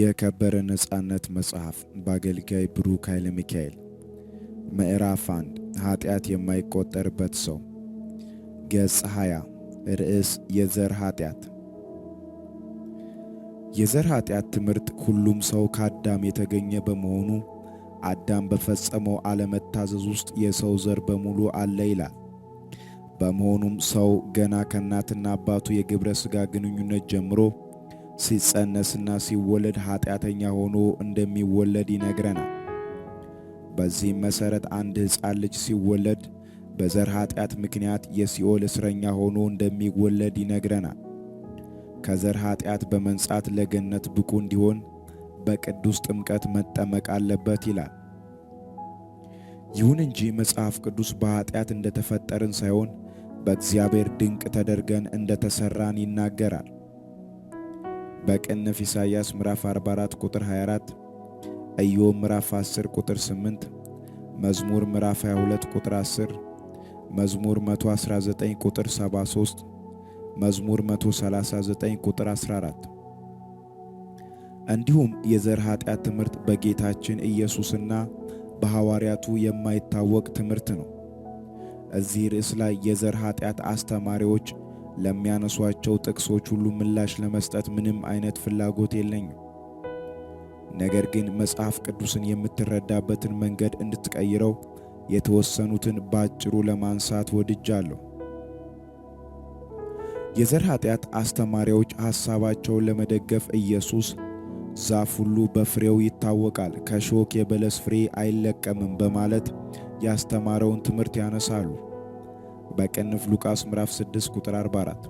የከበረ ነፃነት መጽሐፍ በአገልጋይ ብሩክ ኃይለ ሚካኤል። ምዕራፍ 1 ኃጢአት የማይቆጠርበት ሰው ገጽ 20 ርዕስ የዘር ኃጢአት። የዘር ኃጢአት ትምህርት ሁሉም ሰው ከአዳም የተገኘ በመሆኑ አዳም በፈጸመው አለመታዘዝ ውስጥ የሰው ዘር በሙሉ አለ ይላል። በመሆኑም ሰው ገና ከእናትና አባቱ የግብረ ሥጋ ግንኙነት ጀምሮ ሲጸነስና ሲወለድ ኃጢአተኛ ሆኖ እንደሚወለድ ይነግረናል። በዚህም መሠረት አንድ ሕፃን ልጅ ሲወለድ በዘር ኃጢአት ምክንያት የሲኦል እስረኛ ሆኖ እንደሚወለድ ይነግረናል። ከዘር ኃጢአት በመንጻት ለገነት ብቁ እንዲሆን በቅዱስ ጥምቀት መጠመቅ አለበት ይላል። ይሁን እንጂ መጽሐፍ ቅዱስ በኃጢአት እንደተፈጠርን ሳይሆን በእግዚአብሔር ድንቅ ተደርገን እንደተሠራን ይናገራል። በቅንፍ ኢሳይያስ ምዕራፍ 44 ቁጥር 24፣ ኢዮብ ምዕራፍ 10 ቁጥር 8፣ መዝሙር ምዕራፍ 22 ቁጥር 10፣ መዝሙር 119 ቁጥር 73፣ መዝሙር 139 ቁጥር 14። እንዲሁም የዘር ኃጢአት ትምህርት በጌታችን ኢየሱስና በሐዋርያቱ የማይታወቅ ትምህርት ነው። እዚህ ርዕስ ላይ የዘር ኃጢአት አስተማሪዎች ለሚያነሷቸው ጥቅሶች ሁሉ ምላሽ ለመስጠት ምንም አይነት ፍላጎት የለኝም። ነገር ግን መጽሐፍ ቅዱስን የምትረዳበትን መንገድ እንድትቀይረው የተወሰኑትን ባጭሩ ለማንሳት ወድጃለሁ። የዘር ኃጢአት አስተማሪዎች ሐሳባቸውን ለመደገፍ ኢየሱስ ዛፍ ሁሉ በፍሬው ይታወቃል፣ ከሾክ የበለስ ፍሬ አይለቀምም በማለት ያስተማረውን ትምህርት ያነሳሉ። በቅንፍ ሉቃስ ምዕራፍ 6 ቁጥር 44።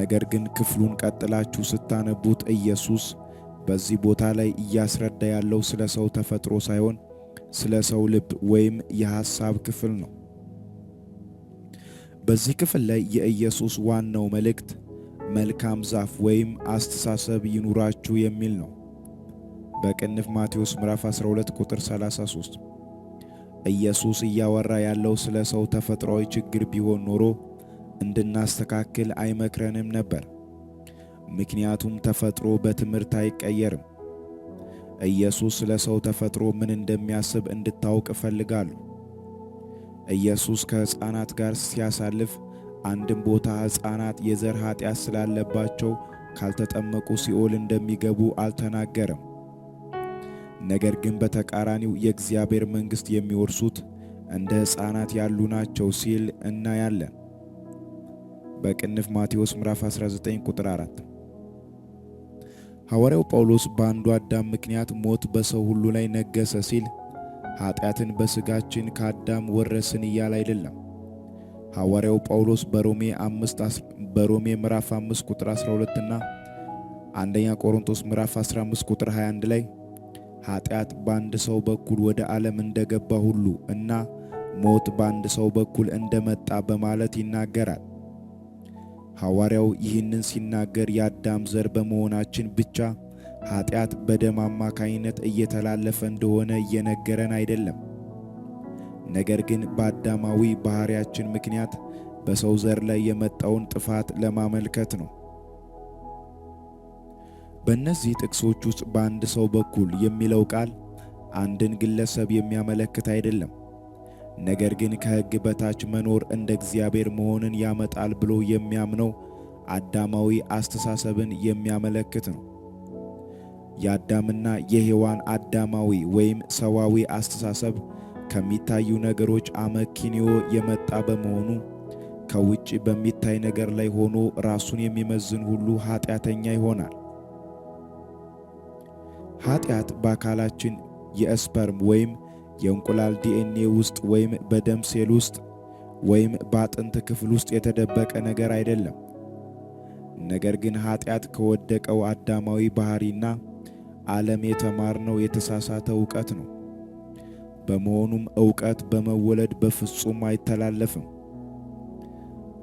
ነገር ግን ክፍሉን ቀጥላችሁ ስታነቡት ኢየሱስ በዚህ ቦታ ላይ እያስረዳ ያለው ስለ ሰው ተፈጥሮ ሳይሆን ስለ ሰው ልብ ወይም የሐሳብ ክፍል ነው። በዚህ ክፍል ላይ የኢየሱስ ዋናው መልእክት መልካም ዛፍ ወይም አስተሳሰብ ይኑራችሁ የሚል ነው። በቅንፍ ማቴዎስ ምዕራፍ 12 ቁጥር 33 ኢየሱስ እያወራ ያለው ስለ ሰው ተፈጥሯዊ ችግር ቢሆን ኖሮ እንድናስተካክል አይመክረንም ነበር። ምክንያቱም ተፈጥሮ በትምህርት አይቀየርም። ኢየሱስ ስለ ሰው ተፈጥሮ ምን እንደሚያስብ እንድታውቅ እፈልጋለሁ። ኢየሱስ ከሕፃናት ጋር ሲያሳልፍ አንድም ቦታ ሕፃናት የዘር ኃጢአት ስላለባቸው ካልተጠመቁ ሲኦል እንደሚገቡ አልተናገረም። ነገር ግን በተቃራኒው የእግዚአብሔር መንግሥት የሚወርሱት እንደ ሕፃናት ያሉ ናቸው ሲል እናያለን። በቅንፍ ማቴዎስ ምዕራፍ 19 ቁጥር 4 ሐዋርያው ጳውሎስ በአንዱ አዳም ምክንያት ሞት በሰው ሁሉ ላይ ነገሰ ሲል ኃጢአትን በሥጋችን ከአዳም ወረስን እያለ አይደለም። ሐዋርያው ጳውሎስ በሮሜ በሮሜ ምዕራፍ 5 ቁጥር 12 እና አንደኛ ቆሮንቶስ ምዕራፍ 15 ቁጥር 21 ላይ ኃጢአት በአንድ ሰው በኩል ወደ ዓለም እንደገባ ሁሉ እና ሞት በአንድ ሰው በኩል እንደመጣ በማለት ይናገራል። ሐዋርያው ይህንን ሲናገር የአዳም ዘር በመሆናችን ብቻ ኃጢአት በደም አማካይነት እየተላለፈ እንደሆነ እየነገረን አይደለም። ነገር ግን በአዳማዊ ባሕርያችን ምክንያት በሰው ዘር ላይ የመጣውን ጥፋት ለማመልከት ነው። በእነዚህ ጥቅሶች ውስጥ በአንድ ሰው በኩል የሚለው ቃል አንድን ግለሰብ የሚያመለክት አይደለም። ነገር ግን ከሕግ በታች መኖር እንደ እግዚአብሔር መሆንን ያመጣል ብሎ የሚያምነው አዳማዊ አስተሳሰብን የሚያመለክት ነው። የአዳምና የሔዋን አዳማዊ ወይም ሰዋዊ አስተሳሰብ ከሚታዩ ነገሮች አመኪንዮ የመጣ በመሆኑ ከውጭ በሚታይ ነገር ላይ ሆኖ ራሱን የሚመዝን ሁሉ ኃጢአተኛ ይሆናል። ኃጢአት በአካላችን የእስፐርም ወይም የእንቁላል ዲኤንኤ ውስጥ ወይም በደም ሴል ውስጥ ወይም በአጥንት ክፍል ውስጥ የተደበቀ ነገር አይደለም። ነገር ግን ኃጢአት ከወደቀው አዳማዊ ባሕሪና ዓለም የተማርነው የተሳሳተ እውቀት ነው። በመሆኑም እውቀት በመወለድ በፍጹም አይተላለፍም።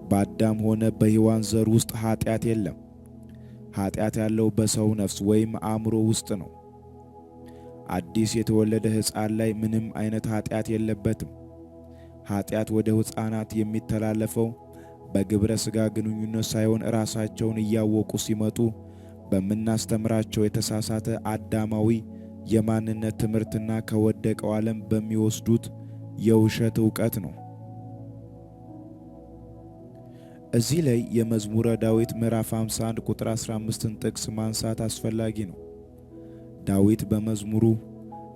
በአዳም ሆነ በሔዋን ዘር ውስጥ ኃጢአት የለም። ኃጢአት ያለው በሰው ነፍስ ወይም አእምሮ ውስጥ ነው። አዲስ የተወለደ ሕፃን ላይ ምንም አይነት ኃጢአት የለበትም። ኃጢአት ወደ ሕፃናት የሚተላለፈው በግብረ ሥጋ ግንኙነት ሳይሆን ራሳቸውን እያወቁ ሲመጡ በምናስተምራቸው የተሳሳተ አዳማዊ የማንነት ትምህርትና ከወደቀው ዓለም በሚወስዱት የውሸት ዕውቀት ነው። እዚህ ላይ የመዝሙረ ዳዊት ምዕራፍ 51 ቁጥር 15ን ጥቅስ ማንሳት አስፈላጊ ነው። ዳዊት በመዝሙሩ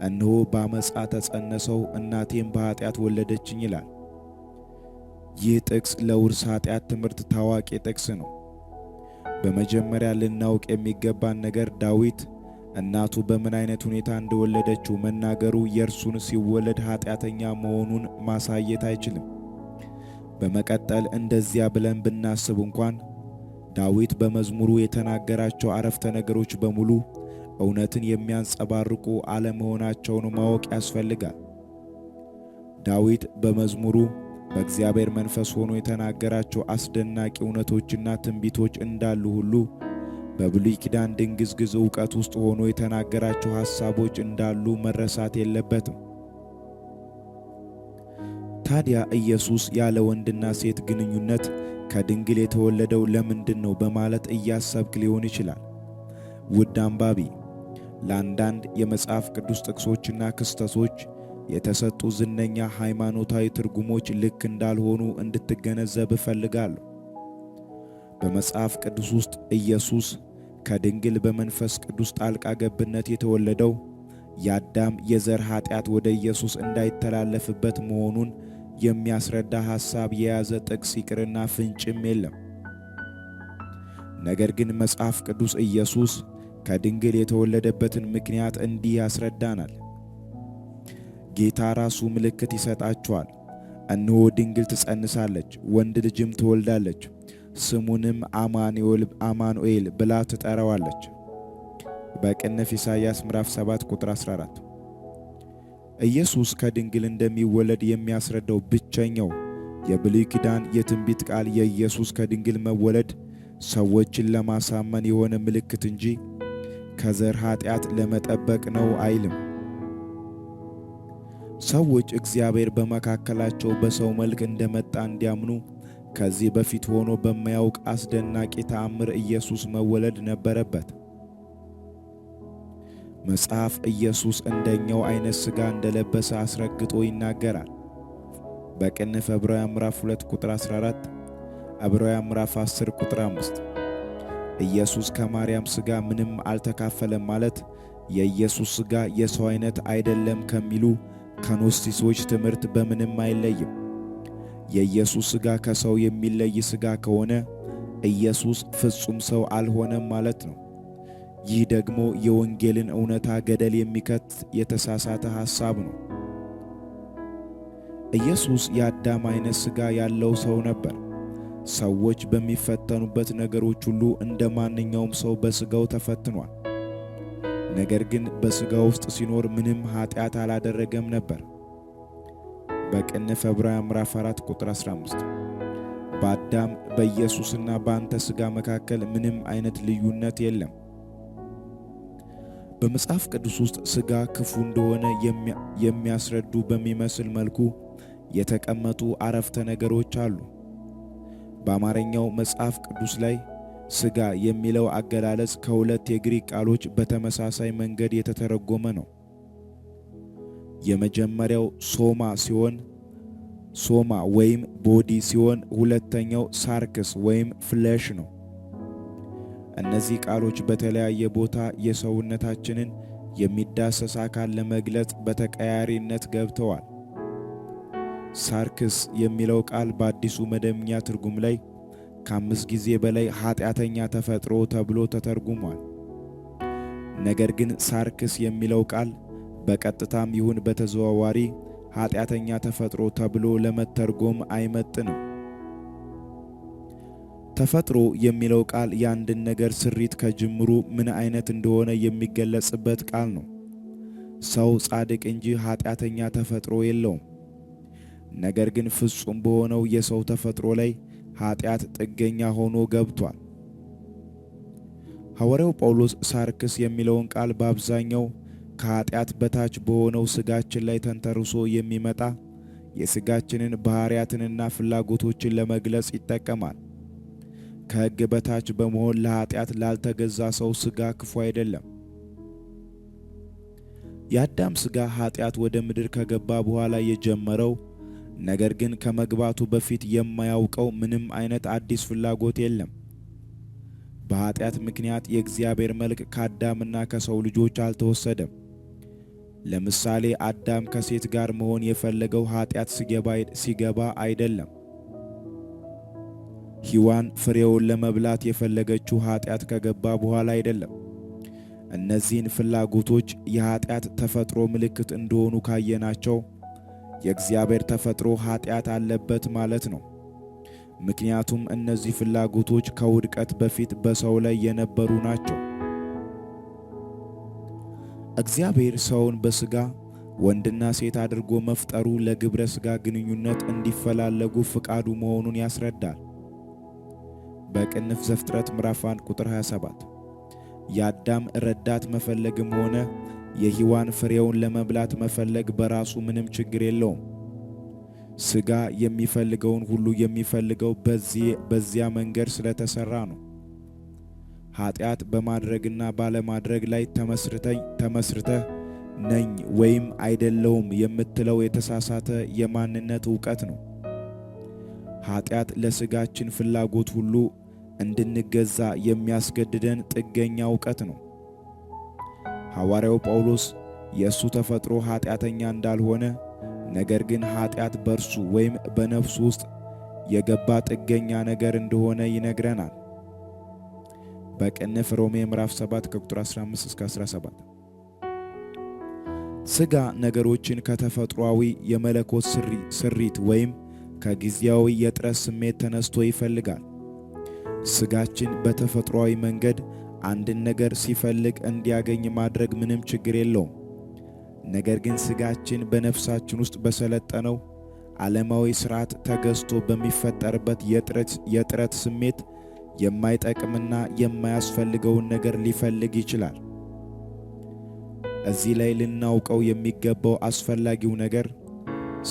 እነሆ በአመፃ ተጸነሰው እናቴም በኃጢአት ወለደችኝ ይላል። ይህ ጥቅስ ለውርስ ኃጢአት ትምህርት ታዋቂ ጥቅስ ነው። በመጀመሪያ ልናውቅ የሚገባን ነገር ዳዊት እናቱ በምን አይነት ሁኔታ እንደወለደችው መናገሩ የእርሱን ሲወለድ ኃጢአተኛ መሆኑን ማሳየት አይችልም። በመቀጠል እንደዚያ ብለን ብናስብ እንኳን ዳዊት በመዝሙሩ የተናገራቸው አረፍተ ነገሮች በሙሉ እውነትን የሚያንጸባርቁ አለመሆናቸውን ማወቅ ያስፈልጋል። ዳዊት በመዝሙሩ በእግዚአብሔር መንፈስ ሆኖ የተናገራቸው አስደናቂ እውነቶችና ትንቢቶች እንዳሉ ሁሉ በብሉይ ኪዳን ድንግዝግዝ እውቀት ውስጥ ሆኖ የተናገራቸው ሐሳቦች እንዳሉ መረሳት የለበትም። ታዲያ ኢየሱስ ያለ ወንድና ሴት ግንኙነት ከድንግል የተወለደው ለምንድን ነው በማለት እያሰብክ ሊሆን ይችላል። ውድ አንባቢ ለአንዳንድ የመጽሐፍ ቅዱስ ጥቅሶችና ክስተቶች የተሰጡ ዝነኛ ሃይማኖታዊ ትርጉሞች ልክ እንዳልሆኑ እንድትገነዘብ እፈልጋለሁ። በመጽሐፍ ቅዱስ ውስጥ ኢየሱስ ከድንግል በመንፈስ ቅዱስ ጣልቃ ገብነት የተወለደው የአዳም የዘር ኃጢአት ወደ ኢየሱስ እንዳይተላለፍበት መሆኑን የሚያስረዳ ሐሳብ የያዘ ጥቅስ ይቅርና ፍንጭም የለም። ነገር ግን መጽሐፍ ቅዱስ ኢየሱስ ከድንግል የተወለደበትን ምክንያት እንዲህ ያስረዳናል። ጌታ ራሱ ምልክት ይሰጣችኋል፣ እነሆ ድንግል ትጸንሳለች፣ ወንድ ልጅም ትወልዳለች፣ ስሙንም አማኑኤል ብላ ትጠራዋለች። በቅንፍ ኢሳይያስ ምዕራፍ 7 ቁጥር 14። ኢየሱስ ከድንግል እንደሚወለድ የሚያስረዳው ብቸኛው የብሉይ ኪዳን የትንቢት ቃል የኢየሱስ ከድንግል መወለድ ሰዎችን ለማሳመን የሆነ ምልክት እንጂ ከዘር ኃጢአት ለመጠበቅ ነው አይልም። ሰዎች እግዚአብሔር በመካከላቸው በሰው መልክ እንደመጣ እንዲያምኑ ከዚህ በፊት ሆኖ በማያውቅ አስደናቂ ተአምር ኢየሱስ መወለድ ነበረበት። መጽሐፍ ኢየሱስ እንደኛው አይነት ሥጋ እንደለበሰ አስረግጦ ይናገራል። በቅንፍ ዕብራውያን ምዕራፍ 2 ቁጥር 14፣ ዕብራውያን ምዕራፍ 10 ቁጥር 5 ኢየሱስ ከማርያም ሥጋ ምንም አልተካፈለም ማለት የኢየሱስ ሥጋ የሰው አይነት አይደለም ከሚሉ ከኖስቲሶች ትምህርት በምንም አይለይም። የኢየሱስ ሥጋ ከሰው የሚለይ ሥጋ ከሆነ ኢየሱስ ፍጹም ሰው አልሆነም ማለት ነው። ይህ ደግሞ የወንጌልን እውነታ ገደል የሚከት የተሳሳተ ሐሳብ ነው። ኢየሱስ የአዳም አይነት ሥጋ ያለው ሰው ነበር። ሰዎች በሚፈተኑበት ነገሮች ሁሉ እንደ ማንኛውም ሰው በስጋው ተፈትኗል። ነገር ግን በስጋ ውስጥ ሲኖር ምንም ኃጢአት አላደረገም ነበር። በቅንፍ ዕብራውያን ምዕራፍ 4 ቁጥር 15 በአዳም በኢየሱስና በአንተ ስጋ መካከል ምንም አይነት ልዩነት የለም። በመጽሐፍ ቅዱስ ውስጥ ስጋ ክፉ እንደሆነ የሚያስረዱ በሚመስል መልኩ የተቀመጡ አረፍተ ነገሮች አሉ። በአማርኛው መጽሐፍ ቅዱስ ላይ ሥጋ የሚለው አገላለጽ ከሁለት የግሪክ ቃሎች በተመሳሳይ መንገድ የተተረጎመ ነው። የመጀመሪያው ሶማ ሲሆን ሶማ ወይም ቦዲ ሲሆን ሁለተኛው ሳርክስ ወይም ፍሌሽ ነው። እነዚህ ቃሎች በተለያየ ቦታ የሰውነታችንን የሚዳሰስ አካል ለመግለጽ በተቀያሪነት ገብተዋል። ሳርክስ የሚለው ቃል በአዲሱ መደበኛ ትርጉም ላይ ከአምስት ጊዜ በላይ ኃጢአተኛ ተፈጥሮ ተብሎ ተተርጉሟል። ነገር ግን ሳርክስ የሚለው ቃል በቀጥታም ይሁን በተዘዋዋሪ ኃጢአተኛ ተፈጥሮ ተብሎ ለመተርጎም አይመጥንም። ተፈጥሮ የሚለው ቃል የአንድን ነገር ስሪት ከጅምሩ ምን አይነት እንደሆነ የሚገለጽበት ቃል ነው። ሰው ጻድቅ እንጂ ኃጢአተኛ ተፈጥሮ የለውም። ነገር ግን ፍጹም በሆነው የሰው ተፈጥሮ ላይ ኃጢአት ጥገኛ ሆኖ ገብቷል። ሐዋርያው ጳውሎስ ሳርክስ የሚለውን ቃል በአብዛኛው ከኃጢአት በታች በሆነው ስጋችን ላይ ተንተርሶ የሚመጣ የስጋችንን ባህሪያትንና ፍላጎቶችን ለመግለጽ ይጠቀማል። ከሕግ በታች በመሆን ለኃጢአት ላልተገዛ ሰው ስጋ ክፉ አይደለም። የአዳም ስጋ ኃጢአት ወደ ምድር ከገባ በኋላ የጀመረው ነገር ግን ከመግባቱ በፊት የማያውቀው ምንም አይነት አዲስ ፍላጎት የለም። በኃጢአት ምክንያት የእግዚአብሔር መልክ ከአዳምና ከሰው ልጆች አልተወሰደም። ለምሳሌ አዳም ከሴት ጋር መሆን የፈለገው ኃጢአት ሲገባ አይደለም። ሂዋን ፍሬውን ለመብላት የፈለገችው ኃጢአት ከገባ በኋላ አይደለም። እነዚህን ፍላጎቶች የኃጢአት ተፈጥሮ ምልክት እንደሆኑ ካየናቸው የእግዚአብሔር ተፈጥሮ ኃጢአት አለበት ማለት ነው። ምክንያቱም እነዚህ ፍላጎቶች ከውድቀት በፊት በሰው ላይ የነበሩ ናቸው። እግዚአብሔር ሰውን በሥጋ ወንድና ሴት አድርጎ መፍጠሩ ለግብረ ሥጋ ግንኙነት እንዲፈላለጉ ፍቃዱ መሆኑን ያስረዳል። በቅንፍ ዘፍጥረት ምዕራፍ 1 ቁጥር 27 የአዳም ረዳት መፈለግም ሆነ የሕይዋን ፍሬውን ለመብላት መፈለግ በራሱ ምንም ችግር የለውም። ሥጋ የሚፈልገውን ሁሉ የሚፈልገው በዚያ መንገድ ስለተሰራ ነው። ኃጢአት በማድረግና ባለማድረግ ላይ ተመስርተኝ ተመስርተህ ነኝ ወይም አይደለውም የምትለው የተሳሳተ የማንነት እውቀት ነው። ኃጢአት ለሥጋችን ፍላጎት ሁሉ እንድንገዛ የሚያስገድደን ጥገኛ እውቀት ነው። ሐዋርያው ጳውሎስ የእሱ ተፈጥሮ ኃጢአተኛ እንዳልሆነ ነገር ግን ኃጢአት በእርሱ ወይም በነፍሱ ውስጥ የገባ ጥገኛ ነገር እንደሆነ ይነግረናል። በቅንፍ ሮሜ ምዕራፍ 7 ከቁጥር 15 እስከ 17 ሥጋ ነገሮችን ከተፈጥሯዊ የመለኮት ስሪት ወይም ከጊዜያዊ የጥረት ስሜት ተነስቶ ይፈልጋል። ሥጋችን በተፈጥሯዊ መንገድ አንድን ነገር ሲፈልግ እንዲያገኝ ማድረግ ምንም ችግር የለውም። ነገር ግን ስጋችን በነፍሳችን ውስጥ በሰለጠነው ዓለማዊ ሥርዓት ተገዝቶ በሚፈጠርበት የጥረት ስሜት የማይጠቅምና የማያስፈልገውን ነገር ሊፈልግ ይችላል። እዚህ ላይ ልናውቀው የሚገባው አስፈላጊው ነገር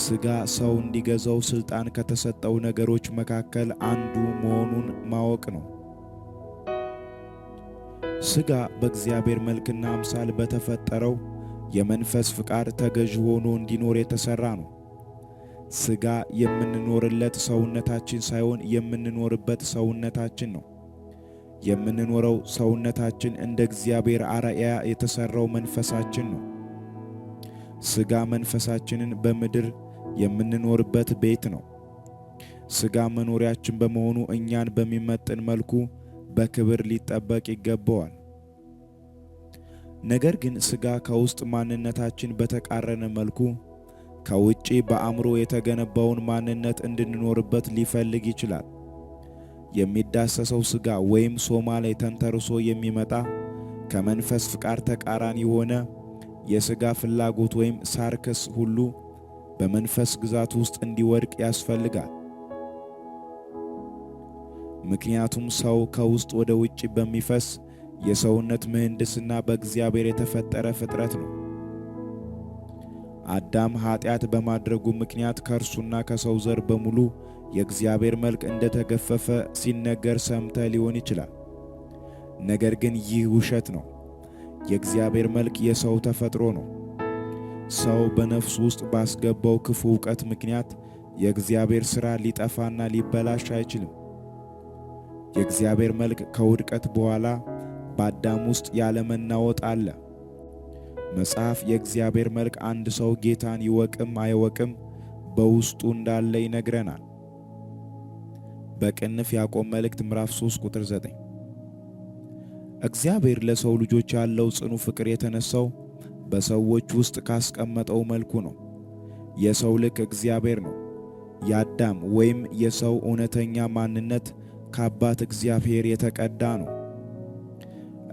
ስጋ ሰው እንዲገዛው ሥልጣን ከተሰጠው ነገሮች መካከል አንዱ መሆኑን ማወቅ ነው። ሥጋ በእግዚአብሔር መልክና አምሳል በተፈጠረው የመንፈስ ፍቃድ ተገዥ ሆኖ እንዲኖር የተሠራ ነው። ሥጋ የምንኖርለት ሰውነታችን ሳይሆን የምንኖርበት ሰውነታችን ነው። የምንኖረው ሰውነታችን እንደ እግዚአብሔር አርአያ የተሠራው መንፈሳችን ነው። ሥጋ መንፈሳችንን በምድር የምንኖርበት ቤት ነው። ሥጋ መኖሪያችን በመሆኑ እኛን በሚመጥን መልኩ በክብር ሊጠበቅ ይገባዋል። ነገር ግን ስጋ ከውስጥ ማንነታችን በተቃረነ መልኩ ከውጪ በአእምሮ የተገነባውን ማንነት እንድንኖርበት ሊፈልግ ይችላል። የሚዳሰሰው ስጋ ወይም ሶማ ላይ ተንተርሶ የሚመጣ ከመንፈስ ፍቃድ ተቃራኒ የሆነ የስጋ ፍላጎት ወይም ሳርከስ ሁሉ በመንፈስ ግዛት ውስጥ እንዲወድቅ ያስፈልጋል። ምክንያቱም ሰው ከውስጥ ወደ ውጭ በሚፈስ የሰውነት ምህንድስና በእግዚአብሔር የተፈጠረ ፍጥረት ነው። አዳም ኃጢአት በማድረጉ ምክንያት ከእርሱና ከሰው ዘር በሙሉ የእግዚአብሔር መልክ እንደተገፈፈ ሲነገር ሰምተ ሊሆን ይችላል። ነገር ግን ይህ ውሸት ነው። የእግዚአብሔር መልክ የሰው ተፈጥሮ ነው። ሰው በነፍሱ ውስጥ ባስገባው ክፉ እውቀት ምክንያት የእግዚአብሔር ሥራ ሊጠፋና ሊበላሽ አይችልም። የእግዚአብሔር መልክ ከውድቀት በኋላ በአዳም ውስጥ ያለመናወጥ አለ። መጽሐፍ የእግዚአብሔር መልክ አንድ ሰው ጌታን ይወቅም አይወቅም በውስጡ እንዳለ ይነግረናል። በቅንፍ ያዕቆብ መልእክት ምዕራፍ 3 ቁጥር 9 እግዚአብሔር ለሰው ልጆች ያለው ጽኑ ፍቅር የተነሳው በሰዎች ውስጥ ካስቀመጠው መልኩ ነው። የሰው ልክ እግዚአብሔር ነው። የአዳም ወይም የሰው እውነተኛ ማንነት ከአባት እግዚአብሔር የተቀዳ ነው።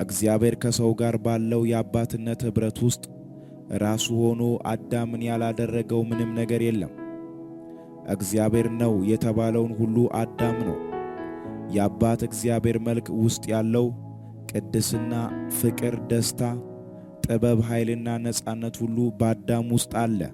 እግዚአብሔር ከሰው ጋር ባለው የአባትነት ኅብረት ውስጥ ራሱ ሆኖ አዳምን ያላደረገው ምንም ነገር የለም። እግዚአብሔር ነው የተባለውን ሁሉ አዳም ነው። የአባት እግዚአብሔር መልክ ውስጥ ያለው ቅድስና፣ ፍቅር፣ ደስታ፣ ጥበብ፣ ኃይልና ነፃነት ሁሉ በአዳም ውስጥ አለ።